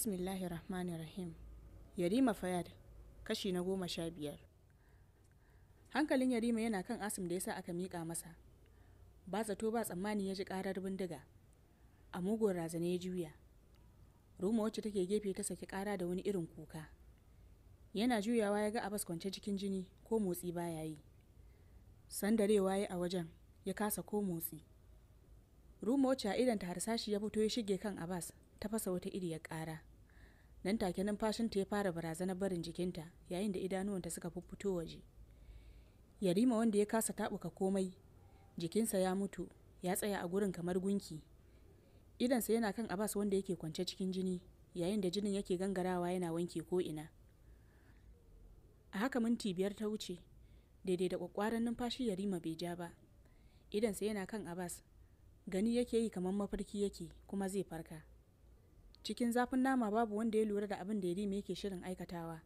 bismillahi rahmanir rahim yarima fayad kashi na goma sha biyar hankalin yarima yana kan asim da yasa aka miƙa masa ba zato ba tsammani ya ji ƙarar bindiga a mugun razana ya juya ruma wacce take gefe ta saki ƙara da wani irin kuka yana juyawa ya ga abas kwance cikin jini ko motsi baya yi sandarewa ya a wajen ya kasa ko motsi ruma wacce a idanta harsashi ya fito ya shige kan abas ta fasa wata iri ya ƙara nan take numfashinta ya fara barazanar barin jikinta yayin da idanuwanta suka fito waje yarima wanda ya kasa taɓuka komai jikinsa ya mutu ya tsaya a gurin kamar gunki idansa yana kan abas wanda yake kwance cikin jini yayin da jinin yake gangarawa yana wanke ko'ina a haka minti biyar ta wuce daidai da kwakwaran numfashi yarima bai ja ba idansa yana kan abas gani yake yi kamar mafarki yake kuma zai farka cikin zafin nama babu wanda ya lura da abin da ya yarima yake shirin aikatawa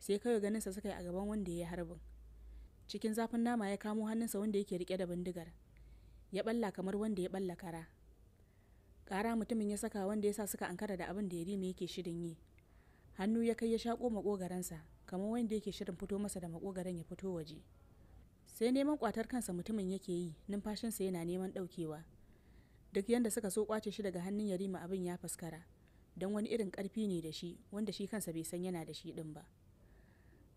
sai kawai ganinsa suka yi a gaban wanda ya yi harbin cikin zafin nama ya kamo hannunsa wanda yake rike da bindigar ya balla kamar wanda ya balla kara kara mutumin ya saka wanda ya sa suka ankara da abin da ya yarima yake shirin yi hannu ya kai ya shaƙo makogaransa kamar wanda yake shirin fito masa da makogaran ya fito waje sai neman kwatar kansa mutumin yake yi numfashinsa yana neman ɗaukewa duk yadda suka so kwace shi daga hannun yarima abin ya faskara don wani irin ƙarfi ne da shi wanda shi kansa bai san yana da shi ɗin ba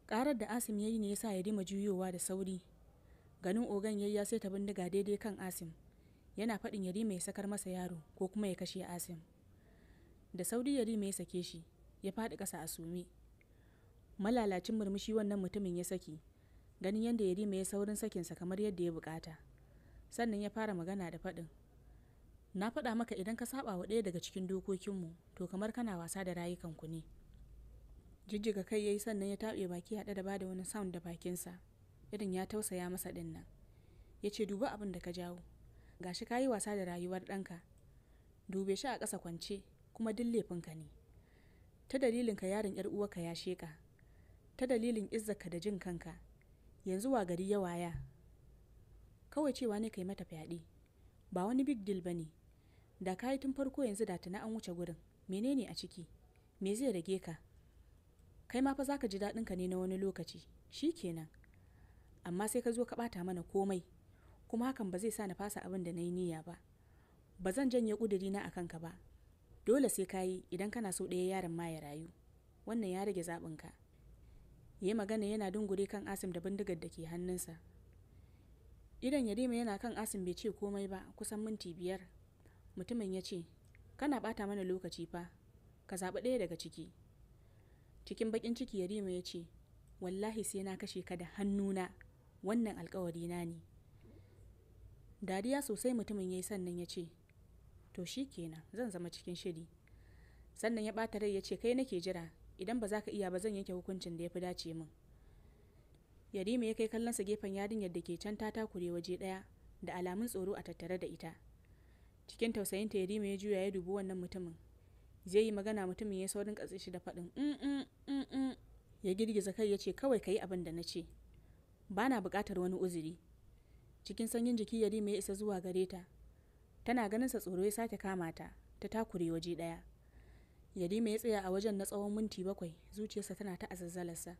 ƙarar da asim ya yi ne ya sa ya dima juyowa da sauri ganin ogan ya sai ta bindiga daidai kan asim yana faɗin yari ya sakar masa yaro ko kuma ya kashe asim da sauri yari ya sake shi ya faɗi ƙasa a sume malalacin murmushi wannan mutumin ya saki ganin yadda yari mai saurin sakinsa kamar yadda ya bukata sannan ya fara magana da faɗin na faɗa maka idan ka saba wa ɗaya daga cikin dokokinmu to kamar kana wasa da rayukanku ne jijjiga kai ya yi sannan ya taɓe baki haɗe da bada wani sound da bakinsa irin ya tausaya masa ɗin nan ya ce duba abin da ka jawo gashi ka yi wasa da rayuwar ɗanka dube shi a ƙasa kwance kuma duk laifinka ne ta dalilin ka yaron yar uwarka ya sheƙa ta dalilin ka da jin kanka yanzu wa gari ya waya kawai cewa ne ka yi mata fyaɗe ba wani big deal ba ne da kayi tun farko yanzu da tuna an wuce gurin menene a ciki me zai rage ka kai ma fa zaka ji daɗin ka ne na wani lokaci shi kenan amma sai ka zo ka bata mana komai kuma hakan ba zai sa na fasa abin da na yi niyya ba ba zan janye ƙuduri na akan ka ba dole sai ka yi idan kana so ɗaya yaron ma ya rayu wannan ya rage zaɓin ka yi magana yana dungure kan asim da bindigar da ke hannunsa idan yarima yana kan asim bai ce komai ba kusan minti biyar Mutumin ya ce, Kana bata mana lokaci fa, ka zaɓi ɗaya daga ciki. Cikin baƙin ciki Yarima ya ce, Wallahi sai na kashe ka da hannuna, wannan alkawari na ne. Dariya sosai mutumin ya yi sannan ya ce, To shi kenan, zan zama cikin shiri. Sannan ya ɓata rai ya ce, Kai nake jira, idan ba za ka iya ba zan yanke hukuncin da ya fi dace min. Yarima ya kai kallonsa gefen yarinyar da ke can ta takure waje ɗaya da alamun tsoro a tattare da ita. cikin tausayinta yarima ya juya ya dubi wannan mutumin zai yi magana mutumin ya saurin katse shi da faɗin in mm, mm, mm, ya girgiza kai ya ce kawai ka yi abin da na ce ba na buƙatar wani uzuri cikin sanyin jiki yarima ya isa zuwa gare ta tana ganin sa tsoro ya sake kama ta ta takure waje ɗaya yarima ya tsaya a wajen na tsawon minti bakwai zuciyarsa tana ta azazzalarsa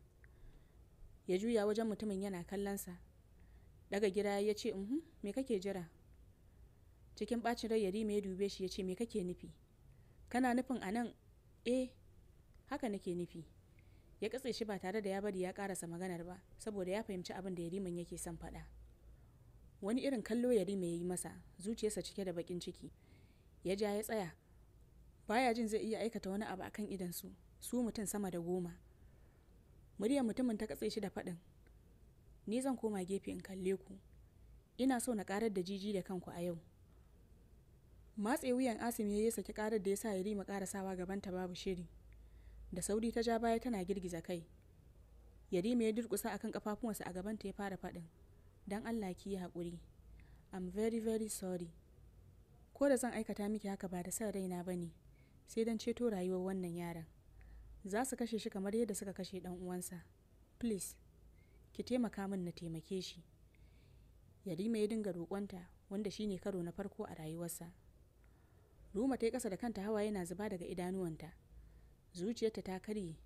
ya juya wajen mutumin yana kallon sa. daga gira ya ce uhm, me kake jira cikin bacin rai yarima ya dube shi ya ce me kake nufi kana nufin a nan eh haka nake nufi ya katse shi ba tare da ya bari ya karasa maganar ba saboda ya fahimci abin da yake son faɗa wani irin kallo yarima ya yi masa zuciyarsa cike da bakin ciki ya ja ya tsaya baya jin zai iya aikata wani abu akan idansu su mutum sama da goma muryar mutumin ta katse shi da faɗin ni zan koma gefe in kalle ku ina so na karar da jiji da kanku a yau matse wuyan asim ya saki karar da ya sa yarima karasawa gabanta babu shiri da sauri ta ja baya tana girgiza kai yarima ya durkusa akan kafafuwansa a gabanta ya fara faɗin don allah ki yi haƙuri i'm very very sorry ko da zan aikata miki haka ba da san raina ba ne sai dan ceto rayuwar wannan yaron za su kashe shi kamar yadda suka kashe dan uwansa please ki taimaka min na taimake shi yarima ya dinga roƙonta wanda shine karo na farko a rayuwarsa Ruma ta yi ƙasa da kanta hawa yana zuba daga idanuwanta. Zuciyarta ta karye.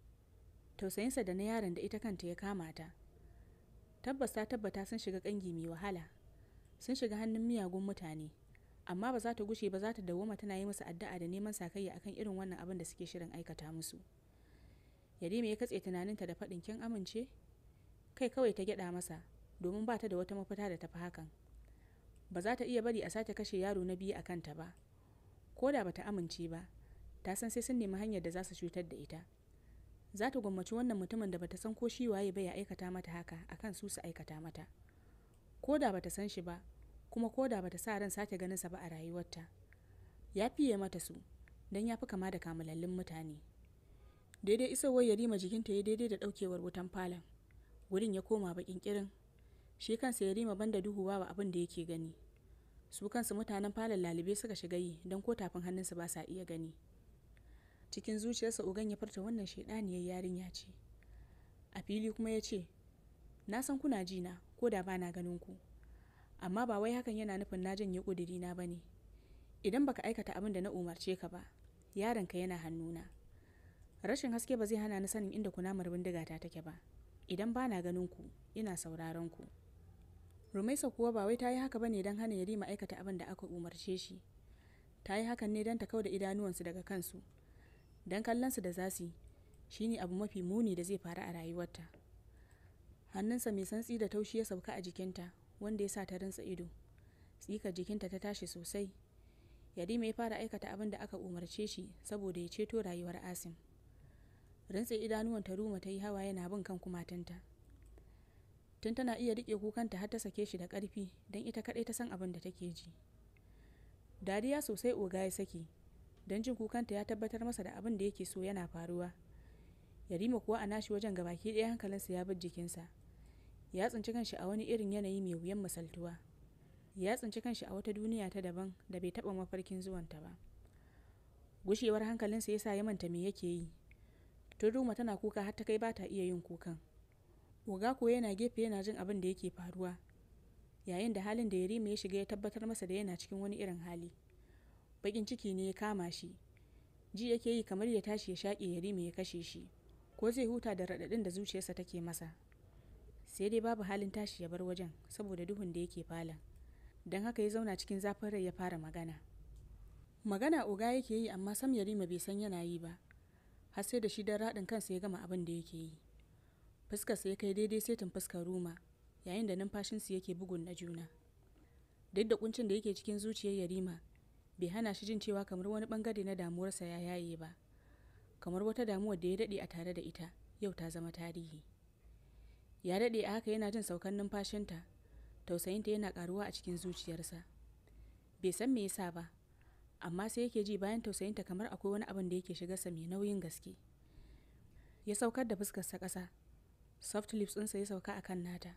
Tausayinsa da na yaron da ita kanta ya kama ta. Tabbas ta tabbata sun shiga kangi mai wahala. Sun shiga hannun miyagun mutane. Amma ba za ta gushe ba za ta dawoma tana yi musu addu'a da neman sakayya akan irin wannan abin da suke shirin aikata musu. Yarima ya katse tunaninta da faɗin kin amince? Kai kawai ta gyaɗa masa domin ba ta da wata mafita da tafi hakan. Ba za ta iya bari a sake kashe yaro na biyu a kanta ba. ko da bata amince ba ta san sai sun nemi hanyar da za su cutar da ita za ta gwammaci wannan mutumin da bata san ko shi waye ba ya aikata mata haka akan su su aikata mata ko da bata san shi ba kuma ko da bata sa ran sake ganin sa ba a rayuwarta ya fiye mata su don ya fi kama da kamalallen mutane daidai isowar yarima jikinta ya daidai da daukewar wutan falon wurin ya koma bakin kirin shi kansa yarima banda duhuwa wa abin da yake gani su kansu mutanen falon lalibe suka shiga yi don ko tafin hannunsu ba sa iya gani cikin zuciyarsa ogan ya furta wannan shaidaniyar yarinya ce a fili kuma ya ce na san kuna ji na ko da ba na ganin ku amma ba wai hakan yana nufin na janye ƙudirina ba ne idan baka aikata abin da na umarce ka ba yaronka yana hannuna rashin haske ba zai hana ni sanin inda kunamar bindiga ta take ba idan ba na ganin ku ina sauraron ku rumaisa kuwa ba wai ta yi haka bane don hana yarima aikata abin da aka umarce shi ta yi hakan ne don ta kau da idanuwansu daga kansu don kallonsu da zasi ne abu mafi muni da zai faru a rayuwarta hannunsa mai santsi da taushi ya sauka a jikinta wanda ya sa ta rinsa ido tsikar jikinta ta tashi sosai yarima ya fara aikata abin da aka umarce shi saboda ya ceto rayuwar asim rintse idanuwan ta ruma ta yi hawa yana bin kan kumatanta tun tana iya riƙe kukanta har ta sake shi da ƙarfi don ita kaɗai ta san abin da take ji dariya sosai oga ya saki don jin kukanta ya tabbatar masa da abin da yake so yana faruwa yarima kuwa a nashi wajen gabaki ɗaya hankalinsa ya bar jikinsa ya tsinci kanshi a wani irin yanayi mai wuyan misaltuwa ya tsinci kanshi a wata duniya ta daban da bai taɓa mafarkin zuwanta ba gushewar hankalinsa ya sa ya manta me yake yi tun ruma tana kuka har ta kai ba ta iya yin kukan Oga kuwa yana gefe yana jin abin da yake faruwa yayin da halin da Yarima ya shiga ya tabbatar masa da yana cikin wani irin hali. Baƙin ciki ne ya kama shi. Ji yake yi kamar ya tashi ya shaƙe Yarima ya kashe shi ko zai huta da raɗaɗin da zuciyarsa take masa. Sai dai babu halin tashi ya bar wajen saboda duhun da yake falon. Don haka ya zauna cikin zafin rai ya fara magana. Magana oga yake yi amma sam Yarima bai san yana yi ba. Har sai da shi don raɗin kansa ya gama abin da yake yi. fuskarsa ya kai daidai setin fuskar ruma yayin da numfashinsu yake bugun na juna duk da kuncin da yake cikin zuciyar yarima bai hana shi jin cewa kamar wani bangare na damuwarsa ya yaye ba kamar wata damuwar da ya daɗe a tare da ita yau ta zama tarihi ya daɗe a haka yana jin saukan numfashinta tausayinta yana karuwa a cikin zuciyarsa bai san me yasa ba amma sai yake ji bayan tausayinta kamar akwai wani abin da yake shigarsa mai nauyin gaske ya saukar da fuskarsa ƙasa soft lips ɗinsa ya sauka a kan nata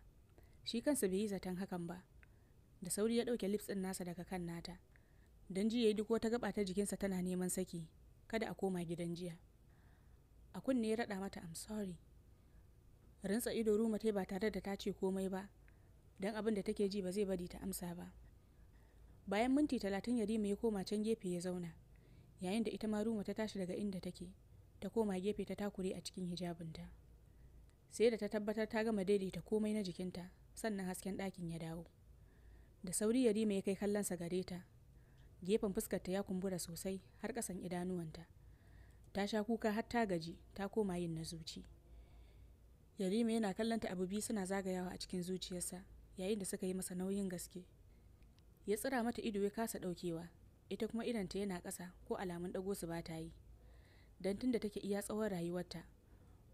shi kansa bai yi zaton hakan ba da sauri ya ɗauke lips ɗin nasa daga kan nata don ji ya yi duk wata gaba ta jikinsa tana neman saki kada a koma gidan jiya a kunne ya raɗa mata am sorry rinsa ido ruma tai ba tare da ta ce komai ba don abin da take ji ba zai bari ta amsa ba bayan minti talatin yarima ya koma can gefe ya zauna yayin da ita ma ruma ta tashi daga inda take ta koma gefe ta takure a cikin hijabinta. sai da ta tabbatar ta gama daidaita komai na jikinta sannan hasken ɗakin ya dawo da sauri yarima ya kai kallonsa gare ta gefen fuskarta ya kumbura sosai har ƙasan idanuwanta ta sha kuka har ta gaji ta koma yin na zuci yarima yana kallonta abu biyu suna zagayawa a cikin zuciyarsa yayin da suka yi masa nauyin gaske ya tsira mata ido ya kasa ɗaukewa ita kuma idanta yana ƙasa ko alamun ɗago su ba ta yi don tunda take iya tsawon rayuwarta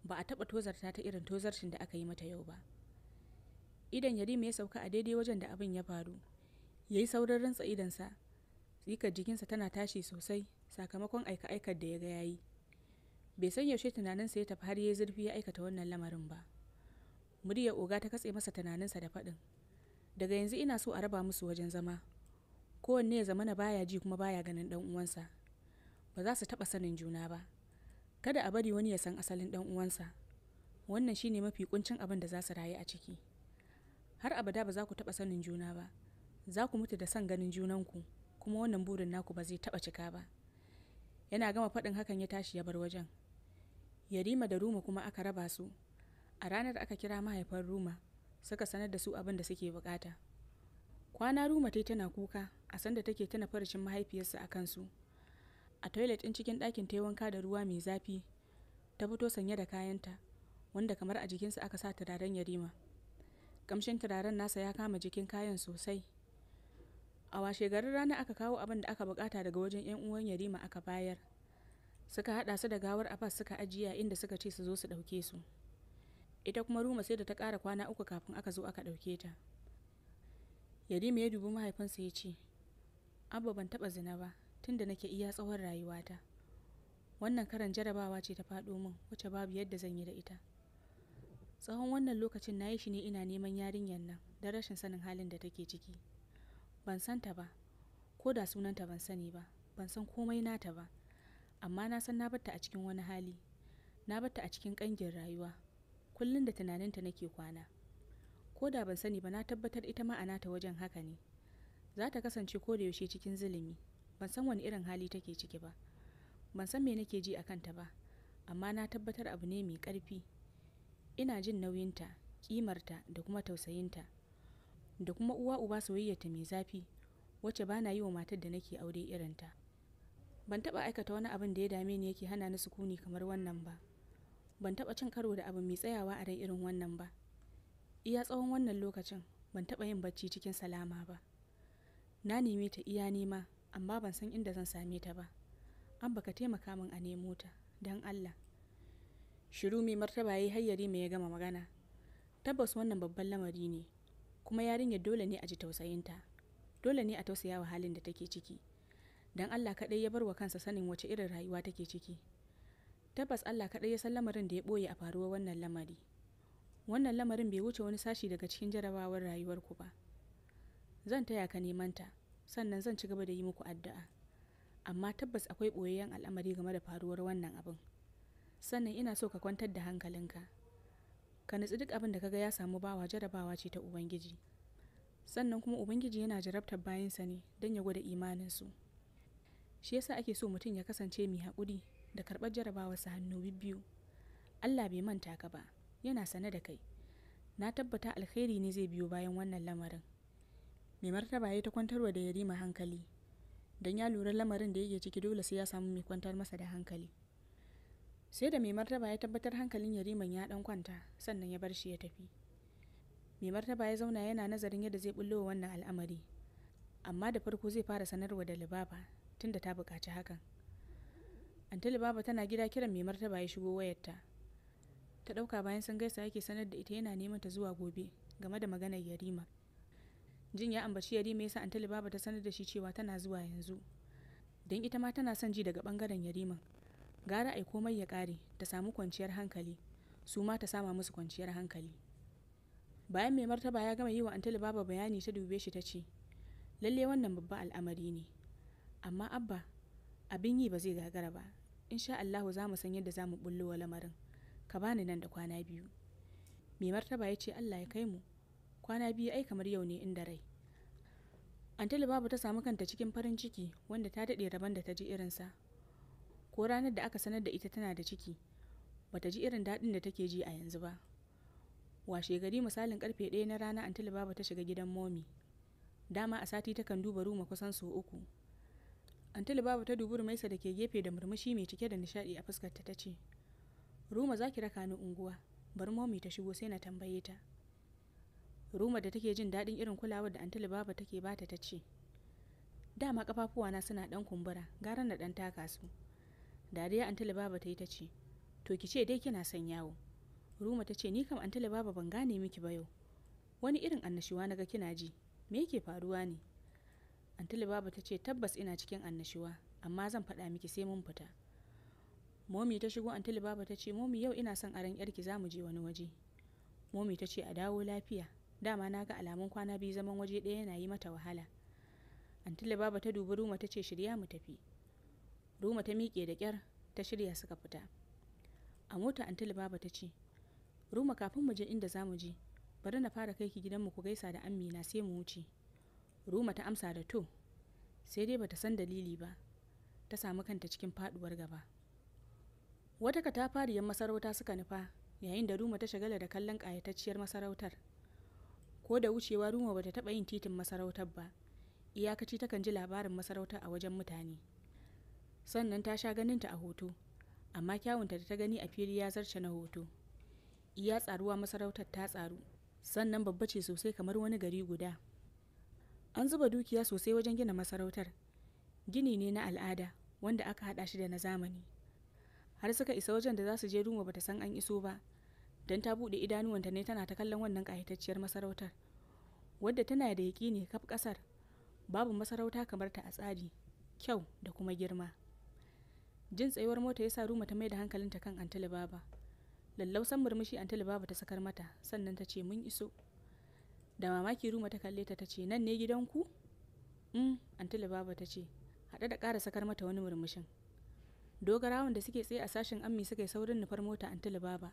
ba a taɓa tozarta ta irin tozarcin da aka yi mata yau ba idan yarima ya sauka a daidai wajen da abin ya faru ya yi saurin rantsa idansa tsikar jikinsa tana tashi sosai sakamakon aika-aikar da ya ga yayi bai san yaushe tunaninsa ya tafi har ya yi zurfi ya aikata wannan lamarin ba muryar oga ta katse masa tunaninsa da faɗin daga yanzu ina so a raba musu wajen zama kowanne ya zama na baya ji kuma baya ganin ɗan uwansa ba za su taɓa sanin juna ba kada a bari wani ya san asalin dan uwansa wannan shine mafi kuncin abin da za su rayu a ciki har abada ba za ku taɓa sanin juna ba za ku mutu da san ganin junanku kuma wannan burin naku ba zai taɓa cika ba yana gama faɗin hakan ya tashi ya bar wajen yarima da ruma kuma aka raba su a ranar aka kira mahaifan ruma suka sanar da su abin da suke bukata kwana ruma tai tana kuka a sanda take tana farashin mahaifiyarsa a kansu a toilet ɗin cikin ɗakin ta yi wanka da ruwa mai zafi ta fito sanye da kayanta wanda kamar a jikinsa aka sa turaren yarima kamshin turaren nasa ya kama jikin kayan sosai a washe garin rana aka kawo abin da aka bukata daga wajen yan uwan yarima aka bayar suka hada su da gawar a fas suka ajiya inda suka ce su zo su dauke su ita kuma ruma sai da ta ƙara kwana uku kafin aka zo aka ɗauke ta yarima ya dubi mahaifinsa ya ce abba ban taɓa zina ba tun da nake iya tsawon rayuwata wannan karan jarabawa ce ta faɗo min wacce babu yadda zan yi da ita tsawon wannan lokacin na yi shi ne ina neman yarinyar nan da rashin sanin halin da take ciki ban san ta ba ko da sunanta ban sani ba ban san komai nata ba amma na san na batta a cikin wani hali na batta a cikin ƙangin rayuwa kullum da tunaninta nake kwana ko da ban sani ba na tabbatar ita ma a wajen haka ne za ta kasance ko da yaushe cikin zulumi ban san wani irin hali take ciki ba ban san me nake ji a kanta ba amma na tabbatar abu ne mai ƙarfi ina jin nauyinta ƙimarta da kuma tausayinta da kuma uwa uba soyayyata mai zafi wacce ba na yi wa matar da nake aure irin ta? ban taɓa aikata wani abin da ya dame ni yake hana ni sukuni kamar wannan ba ban taɓa cin karo da abu mai tsayawa a rai irin wannan ba iya tsawon wannan lokacin ban taɓa yin bacci cikin salama ba na neme ta iya nema amma ban san inda zan same ta ba an baka taimaka min a nemo ta don allah shiru mai martaba ya yi hayyari mai ya gama magana tabbas wannan babban lamari ne kuma yarinyar dole ne a ji tausayinta dole ne a tausaya wa halin da take ciki don allah kaɗai ya bar wa kansa sanin wace irin rayuwa take ciki tabbas allah kaɗai ya san lamarin da ya ɓoye a faruwar wannan lamari wannan lamarin bai wuce wani sashi daga cikin jarabawar rayuwarku ba zan taya ka neman ta sannan zan ci gaba da yi muku addu'a amma tabbas akwai ɓoyayyen al'amari game da faruwar wannan abin sannan ina so ka kwantar da hankalinka ka nutsi duk abin da kaga ya samu bawa jarabawa ce ta ubangiji sannan kuma ubangiji yana jarabtar bayansa ne don ya gwada imaninsu shi yasa ake so mutum ya kasance mai haƙuri da karɓar jarabawarsa hannu biyu allah bai manta ka ba yana sane da kai na tabbata alkhairi ne zai biyo bayan wannan lamarin mai martaba ya ta kwantarwa da yarima hankali don ya lura lamarin da yake ciki dole sai ya samu mai kwantar masa da hankali sai da mai martaba ya tabbatar hankalin yariman ya dan kwanta sannan ya bar shi ya tafi mai martaba ya zauna yana nazarin yadda zai bullowa wannan al'amari amma da farko zai fara sanarwa da libaba tunda ta buƙaci hakan anta libaba tana gida kiran mai martaba ya shigo wayarta ta ɗauka bayan sun gaisa yake sanar da ita yana neman ta zuwa gobe game da maganar yarima jin ya ambaci yarima yasa antali baba ta sanar da shi cewa tana zuwa yanzu don ita ma tana son ji daga bangaren yariman gara ai komai ya kare ta samu kwanciyar hankali su ma ta sama musu kwanciyar hankali bayan mai martaba ya gama yi wa antali baba bayani ta dube shi ta ce lalle wannan babba al'amari ne amma abba abin yi ba zai gagara ba insha allahu za mu san yadda za mu bullo wa lamarin ka bani nan da kwana biyu mai martaba ya ce allah ya kai mu kwana biyu ai kamar yau ne inda rai antali babu ta samu kanta cikin farin ciki wanda ta daɗe rabon da ta ji irinsa ko ranar da aka sanar da ita tana da ciki bata ji irin daɗin da take ji a yanzu ba washe gari misalin karfe ɗaya na rana antali babu ta shiga gidan momi dama a sati takan duba ruma kusan sau uku antali babu ta dubi rumaisa da ke gefe da murmushi mai cike da nishaɗi a fuskarta ta ce ruma za ki raka ni unguwa Bar momi ta shigo sai na tambaye ta Ruma da take jin daɗin irin kulawar da Antili Baba take bata ta ce, Dama na suna ɗan kumbura, gara na ɗan taka su. Dariya Antili Baba ta yi ta ce, To ki ce dai kina son yawo. Ruma ta ce, Ni kam Antili Baba ban gane miki ba yau. Wani irin annashuwa na ga kina ji, me yake faruwa ne? Antili Baba ta ce, Tabbas ina cikin annashuwa, amma zan faɗa miki sai mun fita. Momi ta shigo Antili Baba ta ce, Momi yau ina son aron yarki za mu je wani waje. Momi ta ce, A dawo lafiya. dama na ga alamun kwana biyu zaman waje ɗaya yana yi mata wahala antila baba ta dubi ruma ta ce shirya mu tafi ruma ta miƙe da ƙyar ta shirya suka fita a mota antila baba ta ce ruma kafin mu je inda za mu je bari na fara kai ki gidanmu ku gaisa da amina sai mu wuce ruma ta amsa da to sai dai bata san dalili ba ta samu kanta cikin faduwar gaba wata katafariyar masarauta suka nufa yayin da ruma ta shagala da kallon ƙayatacciyar masarautar ko da wucewa ruma bata taɓa yin titin masarautar ba iyakaci ta kan ji labarin masarautar a wajen mutane sannan ta sha ganinta a hoto amma kyawunta da ta gani a fili ya zarce na hoto iya tsaruwa masarautar ta tsaru sannan babba ce sosai kamar wani gari guda an zuba dukiya sosai wajen gina masarautar gini ne na al'ada wanda aka haɗa shi da na zamani har suka isa wajen da za su je ruma bata san an iso ba don ta buɗe idanuwanta ne tana ta kallon wannan ƙayatacciyar masarautar wadda tana da ne kaf ƙasar babu masarauta kamar ta a tsari kyau da kuma girma jin tsayuwar mota ya sa ruma ta mai da hankalinta kan antali baba lallausan murmushi antali baba ta sakar mata sannan ta ce mun iso da mamaki ruma ta kalle ta ta ce nan ne gidanku um mm, antali baba ta ce haɗe da ƙara sakar mata wani murmushin dogarawan da suke tsaye a sashen ammi suka yi saurin nufar mota antali baba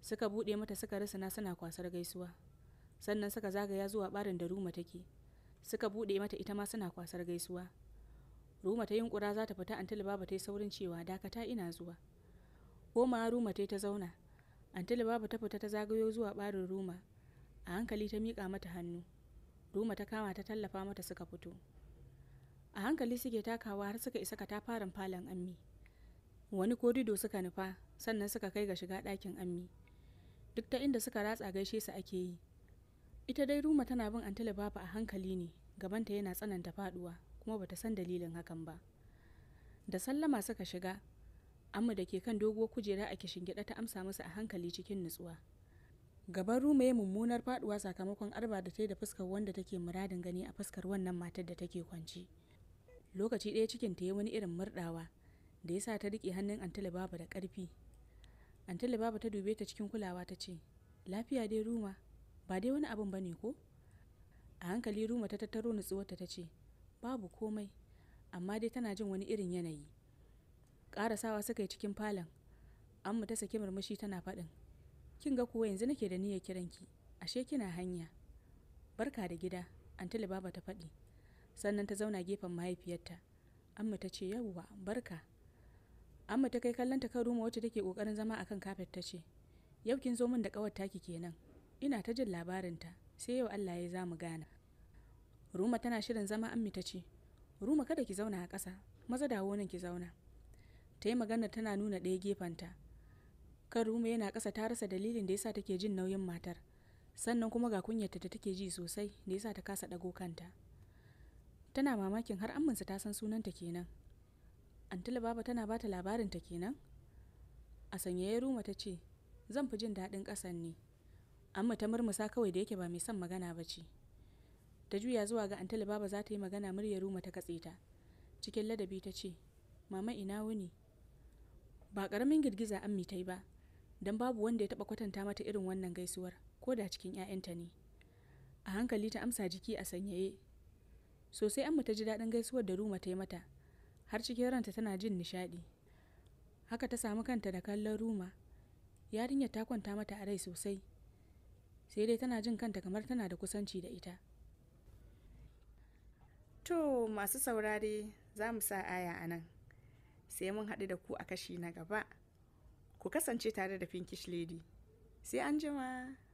suka buɗe mata suka na suna kwasar gaisuwa sannan suka zagaya zuwa barin da ruma take suka buɗe mata ita ma suna kwasar gaisuwa ruma ta yunkura za ta fita antil baba ta yi saurin cewa dakata ina zuwa koma ruma ta ta zauna antil baba ta fita ta zagayo zuwa barin ruma a hankali ta miƙa mata hannu ruma ta kama ta tallafa mata suka fito a hankali suke takawa har suka isa fara falon ammi wani kodido suka nufa sannan suka kai ga shiga ɗakin ammi duk ta inda suka ratsa gaishe su ake yi ita dai ruma tana bin antila a hankali ne gabanta yana tsananta faduwa kuma bata san dalilin hakan ba da sallama suka shiga amma da ke kan doguwar kujera a gyaɗa ta amsa musu a hankali cikin nutsuwa gaban ruma ya mummunar faduwa sakamakon arba da ta da fuskar wanda take muradin gani a fuskar wannan matar da take kwanci lokaci ɗaya cikin ta yi wani irin murɗawa da ya sa ta riƙe hannun antila da ƙarfi Antilla baba ta dube ta cikin kulawa ta ce, Lafiya dai Ruma, ba dai wani abin ba ne ko? A hankali Ruma ta tattaro nutsuwarta ta ce, Babu komai, amma dai tana jin wani irin yanayi. Ƙarasawa suka yi cikin falon, amma ta saki murmushi tana faɗin. Kin ga kuwa yanzu nake da niyyar kiranki, ashe kina hanya. Barka da gida, Antilla baba ta faɗi. Sannan ta zauna gefen mahaifiyarta. Amma ta ce, Yawwa, barka. amma ta kai kallon ta karuma wacce take kokarin zama akan kafet ta ce yau kin zo min da kawar taki kenan ina ta jin labarin ta. sai yau Allah ya za mu gana ruma tana shirin zama ammi ta ce ruma kada ki zauna a ƙasa maza dawo nan ki zauna ta yi magana tana nuna ɗaya gefenta kan ruma yana ƙasa ta rasa dalilin da yasa take jin nauyin matar sannan kuma ga kunyarta da take ji sosai da yasa ta kasa ɗago kanta tana mamakin har amminsa ta san sunanta kenan antila baba tana ba ta labarinta kenan a sanyaye ruma ta ce zan fi jin daɗin ƙasan ne amma ta murmusa kawai da yake ba mai son magana ba ce ta juya zuwa ga antila baba za ta yi magana murya ruma ta katse ta cikin ladabi ta ce mama ina wuni ba ƙaramin girgiza ammi ta yi ba don babu wanda ya taɓa kwatanta mata irin wannan gaisuwar ko da cikin 'ya'yanta ne a hankali ta amsa jiki a sanyaye sosai amma ta ji daɗin gaisuwar da ruma ta yi mata har cikin ranta tana jin nishaɗi haka ta samu kanta da kallon ruma yarinyar ta kwanta mata a rai sosai sai dai tana jin kanta kamar tana da kusanci da ita to masu saurare za mu sa aya a nan sai mun haɗu da ku a kashi na gaba ku kasance tare da pinkish lady sai an jima